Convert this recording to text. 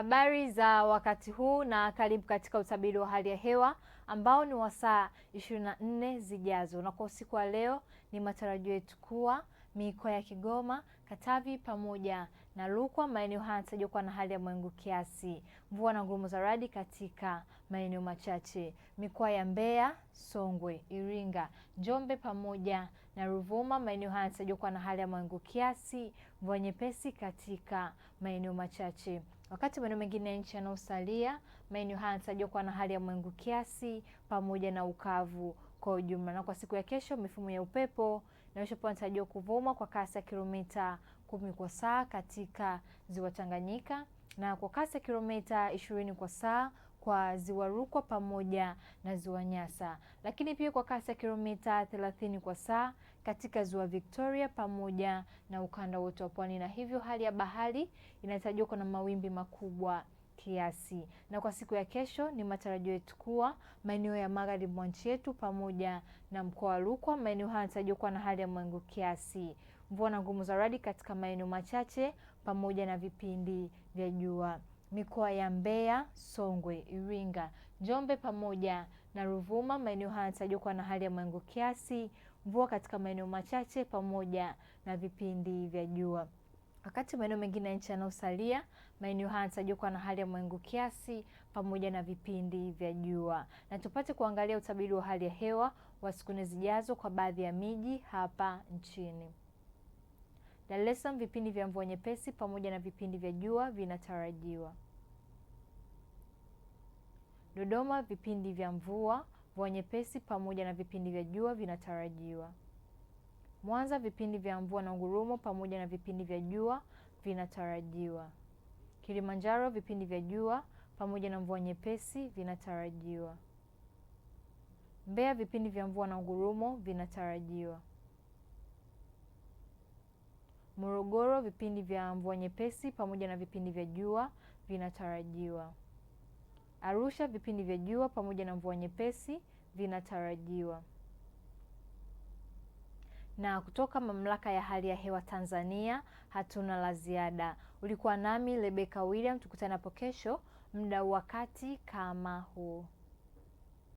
Habari za wakati huu na karibu katika utabiri wa hali ya hewa ambao ni wa saa 24 zijazo. Na kwa usiku wa leo, ni matarajio yetu kuwa mikoa ya Kigoma, Katavi pamoja na Rukwa, maeneo haya yanatajwa kuwa na hali ya mawingu kiasi, mvua na ngurumo za radi katika maeneo machache. Mikoa ya Mbeya, Songwe, Iringa, Njombe pamoja na Ruvuma, maeneo haya yanatajwa kuwa na hali ya mawingu kiasi, mvua nyepesi katika maeneo machache. Wakati maeneo mengine ya nchi yanayosalia, maeneo haya yanatajwa kuwa na hali ya mawingu kiasi pamoja na ukavu kwa ujumla. Na kwa siku ya kesho, mifumo ya upepo na upepo inatarajiwa kuvuma kwa kasi ya kilomita kumi kwa saa katika ziwa Tanganyika na kwa kasi ya kilomita ishirini kwa saa kwa ziwa Rukwa pamoja na ziwa Nyasa, lakini pia kwa kasi ya kilomita 30 kwa saa katika ziwa Victoria pamoja na ukanda wote wa pwani, na hivyo hali ya bahari inatarajiwa kuwa na mawimbi makubwa kiasi. Na kwa siku ya kesho ni matarajio yetu kuwa maeneo ya magharibi mwa nchi yetu pamoja na mkoa wa Rukwa, maeneo haya yanatarajiwa kuwa na hali ya mawingu kiasi, mvua na ngumu za radi katika maeneo machache pamoja na vipindi vya jua mikoa ya Mbeya, Songwe, Iringa, Njombe pamoja na Ruvuma. Maeneo haya yanatarajiwa kuwa na hali ya mawingu kiasi, mvua katika maeneo machache pamoja na vipindi vya jua. Wakati maeneo mengine ya nchi yanayosalia, maeneo haya yanatarajiwa kuwa na hali ya mawingu kiasi pamoja na vipindi vya jua. Na tupate kuangalia utabiri wa hali ya hewa wa siku nne zijazo kwa baadhi ya miji hapa nchini. Dar es Salaam vipindi vya mvua nyepesi pamoja na vipindi vya jua vinatarajiwa. Dodoma vipindi vya mvua, mvua nyepesi pamoja na vipindi vya jua vinatarajiwa. Mwanza vipindi vya mvua na ngurumo pamoja na vipindi vya jua vinatarajiwa. Kilimanjaro vipindi vya jua pamoja na mvua nyepesi vinatarajiwa. Mbeya vipindi vya mvua na ngurumo vinatarajiwa. Morogoro vipindi vya mvua nyepesi pamoja na vipindi vya jua vinatarajiwa. Arusha vipindi vya jua pamoja na mvua nyepesi vinatarajiwa. Na kutoka Mamlaka ya Hali ya Hewa Tanzania hatuna la ziada. Ulikuwa nami Rebecca William, tukutane hapo kesho muda wakati kama huu.